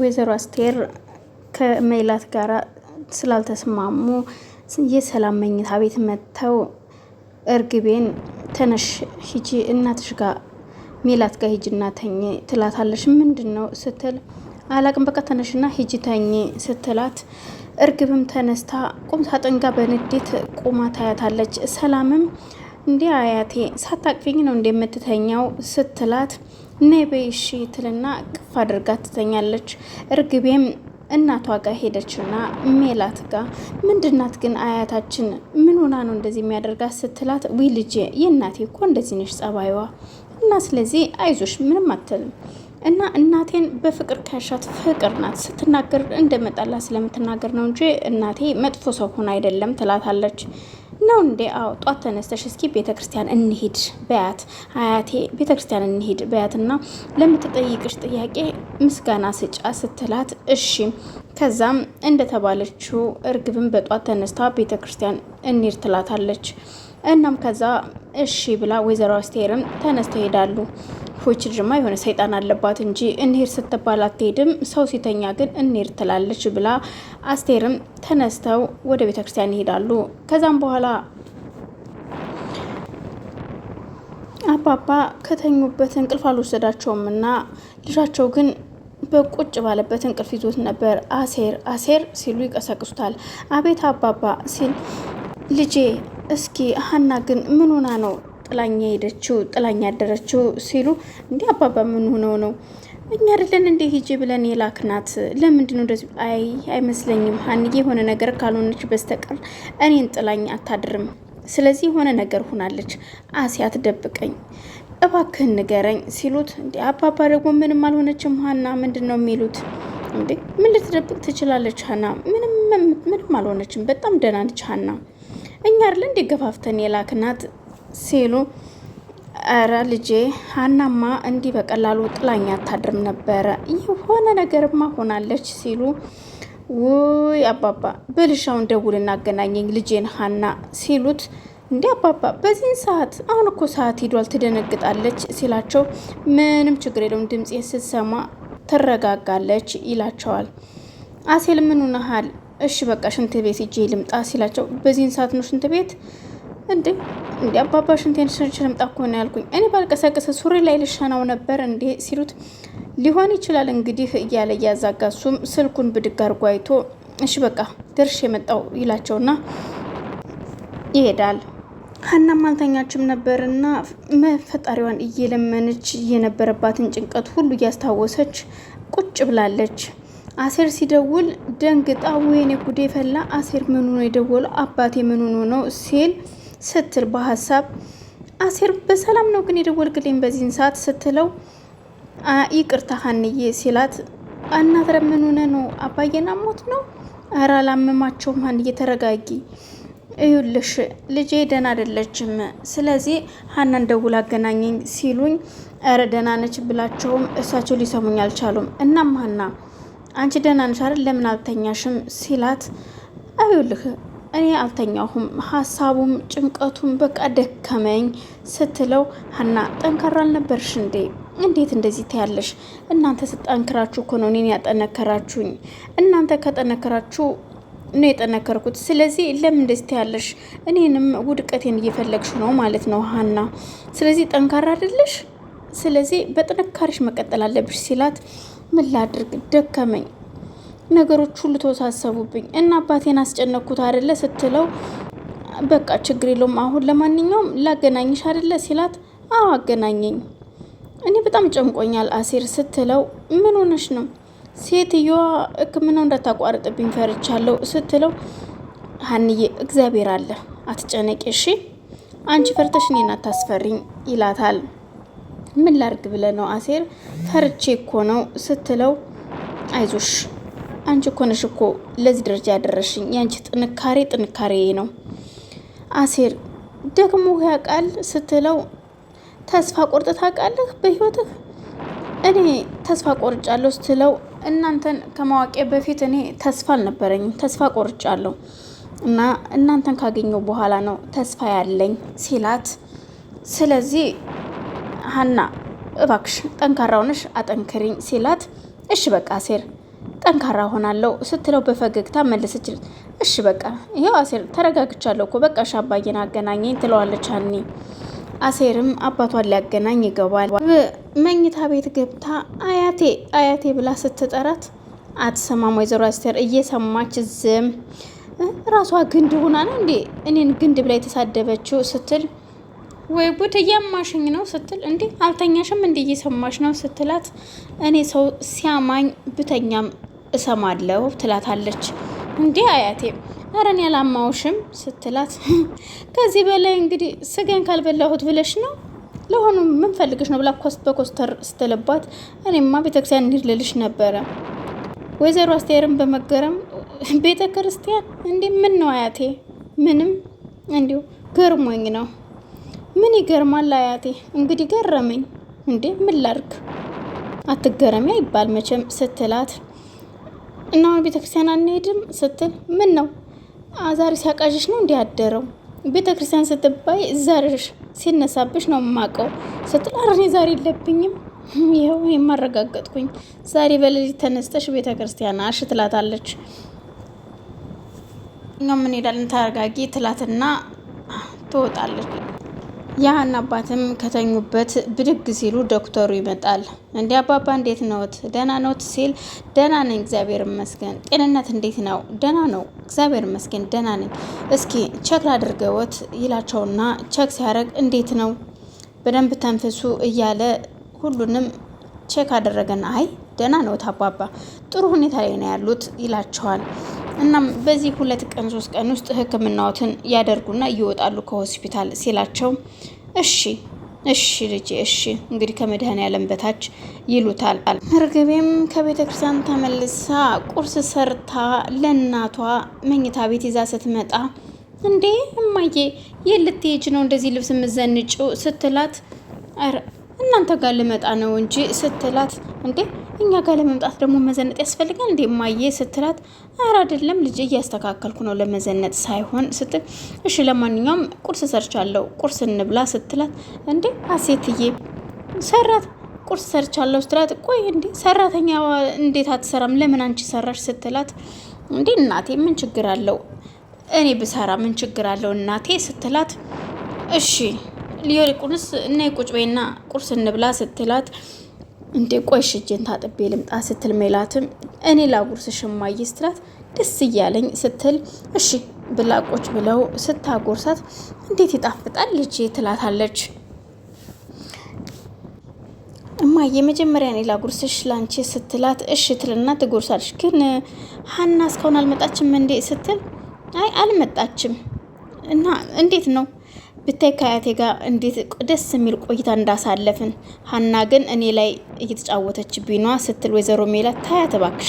ወይዘሮ አስቴር ከሜላት ጋር ስላልተስማሙ የሰላም መኝታ ቤት መጥተው እርግቤን ተነሽ ሂጂ እናትሽ ጋ ሜላት ሂጂ እና ተኝ ትላታለች። ምንድን ነው ስትል አላቅም በቃ ተነሽና ሂጂ ተኝ ስትላት እርግብም ተነስታ ቁም ሳጥን ጋር በንዴት ቁማ ታያታለች። ሰላምም እንዲህ አያቴ ሳታቅፊኝ ነው እንደምትተኛው ስትላት ነይ እሺ ትልና ቅፍ አድርጋ ትተኛለች። እርግቤም እናቷ ጋር ሄደችና ሜላት ጋር ምንድናት ግን አያታችን ምን ሆና ነው እንደዚህ የሚያደርጋት ስትላት፣ ዊ ልጄ የእናቴ እኮ እንደዚህ ነሽ ጸባይዋ እና ስለዚህ አይዞሽ ምንም አትልም እና እናቴን በፍቅር ከያሻት ፍቅር ናት ስትናገር እንደመጣላት ስለምትናገር ነው እንጂ እናቴ መጥፎ ሰው ሆና አይደለም ትላታለች። ነው እንዴ? አዎ፣ ጧት ተነስተሽ እስኪ ቤተ ክርስቲያን እንሂድ በያት አያቴ፣ ቤተ ክርስቲያን እንሂድ በያትና ለምትጠይቅሽ ጥያቄ ምስጋና ስጫ ስትላት እሺ። ከዛም እንደተባለችው እርግብን በጧት ተነስታ ቤተ ክርስቲያን እንሂድ ትላታለች። እናም ከዛ እሺ ብላ ወይዘሮ አስቴርም ተነስተው ይሄዳሉ። ፎች ልጅማ የሆነ ሰይጣን አለባት እንጂ እንሄድ ስትባል አትሄድም፣ ሰው ሲተኛ ግን እንሄድ ትላለች ብላ አስቴርም ተነስተው ወደ ቤተ ክርስቲያን ይሄዳሉ። ከዛም በኋላ አባባ ከተኙበት እንቅልፍ አልወሰዳቸውም እና ልጃቸው ግን በቁጭ ባለበት እንቅልፍ ይዞት ነበር። አሴር አሴር ሲሉ ይቀሰቅሱታል። አቤት አባባ ሲል ልጄ፣ እስኪ ሀና ግን ምን ሆና ነው ጥላኛ ሄደችው ጥላኛ ያደረችው ሲሉ እንዲህ አባባ ምን ሆነው ነው እኛ አይደለን እንዴ ሂጂ ብለን የላክናት ለምንድን ነው እንደዚህ? አይ አይመስለኝም፣ ሀንዬ የሆነ ነገር ካልሆነች በስተቀር እኔን ጥላኝ አታድርም። ስለዚህ የሆነ ነገር ሆናለች። አሲያት ደብቀኝ፣ እባክህን ንገረኝ ሲሉት እንዲ አባባ ደግሞ ምንም አልሆነችም ሀና ምንድን ነው የሚሉት? እንዴ ምን ልትደብቅ ትችላለች? ሀና ምንም ምንም አልሆነችም፣ በጣም ደህና ነች ሀና። እኛ አይደለን እንዴ ገፋፍተን የላክናት ሲሉ እረ ልጄ ሀናማ እንዲህ በቀላሉ ጥላኛ አታድርም ነበረ፣ የሆነ ነገርማ ሆናለች ሲሉ ውይ አባባ በልሻውን ደውል እናገናኘኝ ልጄን ሀና ሲሉት እንዲ አባባ በዚህን ሰዓት አሁን እኮ ሰዓት ሂዷል፣ ትደነግጣለች ሲላቸው ምንም ችግር የለውም ድምፅ ስትሰማ ትረጋጋለች ይላቸዋል። አሴል ምን ሆነሃል? እሺ በቃ ሽንት ቤት ሂጄ ልምጣ ሲላቸው በዚህን ሰዓት ነው ሽንት ቤት እንዴ እንዲ አባባሽን ቴንሽን ልምጣ እኮ ነው ያልኩኝ። እኔ ባልቀሰቀሰ ሱሪ ላይ ልሸናው ነበር እንዴ ሲሉት ሊሆን ይችላል እንግዲህ እያለ እያዛጋ እሱም ስልኩን ብድግ አድርጎ አይቶ እሺ በቃ ደርሽ የመጣው ይላቸውና ይሄዳል። ሀናም አልተኛችም ነበርና መፈጣሪዋን እየለመነች የነበረባትን ጭንቀት ሁሉ እያስታወሰች ቁጭ ብላለች። አሴር ሲደውል ደንግጣ ወይኔ ጉዴ ፈላ፣ አሴር ምኑ ነው የደወለው አባቴ ምኑ ነው ሲል ስትል በሀሳብ አሴር በሰላም ነው ግን የደወልክልኝ በዚህን ሰዓት ስትለው ይቅርታ ሀንዬ ሲላት እናት ምን ሆነ ነው አባዬና ሞት ነው ኧረ አላመማቸውም ሀንዬ ተረጋጊ እዩልሽ ልጄ ደህና አይደለችም ስለዚህ ሀናን ደውል አገናኘኝ ሲሉኝ ኧረ ደህና ነች ብላቸውም እሳቸው ሊሰሙኝ አልቻሉም እናም ሀና አንቺ ደህና ነሽ አይደል ለምን አልተኛሽም ሲላት እዩልህ እኔ አልተኛሁም፣ ሀሳቡም ጭንቀቱም በቃ ደከመኝ ስትለው ሀና ጠንካራ አልነበርሽ እንዴ? እንዴት እንደዚህ ታያለሽ? እናንተ ስጠንክራችሁ እኮ ነው እኔን ያጠነከራችሁኝ። እናንተ ከጠነከራችሁ ነው የጠነከርኩት። ስለዚህ ለምን እንደዚህ ታያለሽ? እኔንም ውድቀቴን እየፈለግሽ ነው ማለት ነው ሀና። ስለዚህ ጠንካራ አይደለሽ። ስለዚህ በጥንካሬሽ መቀጠል አለብሽ ሲላት ምን ላድርግ ደከመኝ ነገሮች ሁሉ ተወሳሰቡብኝ እና አባቴን አስጨነኩት አደለ ስትለው በቃ ችግር የለውም አሁን ለማንኛውም ላገናኝሽ አደለ ሲላት አዎ አገናኘኝ እኔ በጣም ጨንቆኛል አሴር ስትለው ምን ሆነሽ ነው ሴትዮዋ ህክምናው እንዳታቋርጥብኝ ፈርቻለሁ ስትለው ሀንዬ እግዚአብሔር አለ አትጨነቂ እሺ አንቺ ፈርተሽ እኔን አታስፈሪኝ ይላታል ምን ላርግ ብለ ነው አሴር ፈርቼ እኮ ነው ስትለው አይዞሽ አንቺ እኮ ነሽ እኮ ለዚህ ደረጃ ያደረሽኝ። የአንቺ ጥንካሬ ጥንካሬ ነው። አሴር ደግሞ ያውቃል ስትለው ተስፋ ቆርጥ ታውቃለህ በህይወትህ እኔ ተስፋ ቆርጫለሁ ስትለው እናንተን ከማዋቂ በፊት እኔ ተስፋ አልነበረኝም። ተስፋ ቆርጫለሁ እና እናንተን ካገኘው በኋላ ነው ተስፋ ያለኝ ሲላት፣ ስለዚህ ሀና እባክሽ ጠንካራ አጠንክሪኝ ሲላት፣ እሺ በቃ አሴር ጠንካራ ሆናለሁ ስትለው በፈገግታ መለሰች። እሺ በቃ ይሄው አሴር ተረጋግቻለሁ እኮ በቃ ሻባዬን አገናኘኝ ትለዋለች ሀኒ። አሴርም አባቷን ሊያገናኝ ይገባል። መኝታ ቤት ገብታ አያቴ አያቴ ብላ ስትጠራት አትሰማም። ወይዘሮ አስቴር እየሰማች ዝም ራሷ ግንድ ሆና ነው እንዴ እኔን ግንድ ብላ የተሳደበችው ስትል ወይ ጉድ እያማሽኝ ነው ስትል እንዲህ አልተኛሽም እንዲህ እየሰማሽ ነው ስትላት፣ እኔ ሰው ሲያማኝ ብተኛም እሰማለሁ ትላታለች። እንዲህ አያቴ አረን ያላማውሽም ስትላት፣ ከዚህ በላይ እንግዲህ ስጋን ካልበላሁት ብለሽ ነው ለሆኑ ምን ፈልግሽ ነው ብላ ኮስት በኮስተር ስትልባት፣ እኔማ ቤተክርስቲያን እንድልልሽ ነበረ። ወይዘሮ አስቴርን በመገረም ቤተክርስቲያን እንዴ እንዲህ ምን ነው አያቴ? ምንም እንዲሁ ገርሞኝ ነው ምን ይገርማል አያቴ፣ እንግዲህ ገረመኝ እንዴ ምን ላርግ? አትገረሚ አይባል መቼም ስትላት እና አሁን ቤተክርስቲያን አንሄድም ስትል ምን ነው ዛሬ ሲያቃዥሽ ነው እንዲህ ቤተክርስቲያን ቤተ ክርስቲያን ስትባይ ዛርሽ ሲነሳብሽ ነው የማውቀው ስትል ኧረ እኔ ዛሬ የለብኝም ይኸው የማረጋገጥኩኝ ዛሬ በሌሊት ተነስተሽ ቤተ ክርስቲያን አሽ ትላታለች እና ምን ሄዳለን ተረጋጊ ትላትና ትወጣለች ያህና አባትም ከተኙበት ብድግ ሲሉ ዶክተሩ ይመጣል። እንዲህ አባባ እንዴት ነዎት? ደህና ነዎት? ሲል ደህና ነኝ እግዚአብሔር ይመስገን። ጤንነት እንዴት ነው? ደህና ነው እግዚአብሔር ይመስገን ደህና ነኝ። እስኪ ቸክ ላድርገዎት ይላቸውና ቸክ ሲያደርግ እንዴት ነው? በደንብ ተንፍሱ እያለ ሁሉንም ቼክ አደረገን። አይ ደህና ነዎት አባባ፣ ጥሩ ሁኔታ ላይ ነው ያሉት ይላቸዋል። እናም በዚህ ሁለት ቀን ሶስት ቀን ውስጥ ሕክምናዎትን ያደርጉና ይወጣሉ ከሆስፒታል ሲላቸው እሺ እሺ ልጅ እሺ እንግዲህ ከመድህን ያለን በታች ይሉታል። እርግቤም ከቤተ ክርስቲያን ተመልሳ ቁርስ ሰርታ ለእናቷ መኝታ ቤት ይዛ ስትመጣ እንዴ እማዬ የት ልትሄጂ ነው እንደዚህ ልብስ የምዘንጩ ስትላት እናንተ ጋር ልመጣ ነው እንጂ ስትላት እንዴ እኛ ጋር ለመምጣት ደግሞ መዘነጥ ያስፈልጋል እንዴ ማየ ስትላት፣ አረ አይደለም ልጅ እያስተካከልኩ ነው ለመዘነጥ ሳይሆን ስትል፣ እሺ ለማንኛውም ቁርስ ሰርቻለሁ ቁርስ እንብላ ስትላት፣ እንዴ አሴትዬ ሰራት ቁርስ ሰርቻለሁ ስትላት፣ ቆይ እንዴ ሰራተኛ እንዴት አትሰራም ለምን አንቺ ሰራሽ ስትላት፣ እንዴ እናቴ ምን ችግር አለው እኔ ብሰራ ምን ችግር አለው እናቴ ስትላት፣ እሺ ሊዮሪ እና ቁጭ በይና ቁርስ እንብላ ስትላት እንዴ ቆይሽ እጄን ታጥቤ ልምጣ ስትል ሜላትም እኔ ላጉርስሽ እማዬ ስትላት ደስ እያለኝ ስትል እሺ ብላቆች ብለው ስታጎርሳት እንዴት ይጣፍጣል ልጄ ትላታለች። እማዬ መጀመሪያ እኔ ላጉርስሽ ላንቺ ስትላት እሺ ትልና ትጎርሳለች። ግን ሀና እስካሁን አልመጣችም እንዴ ስትል አይ አልመጣችም እና እንዴት ነው ብታይ ከአያቴ ጋር እንዴት ደስ የሚል ቆይታ እንዳሳለፍን ሀና ግን እኔ ላይ እየተጫወተች ቢኗ ስትል ወይዘሮ ሜላት ታያት እባክሽ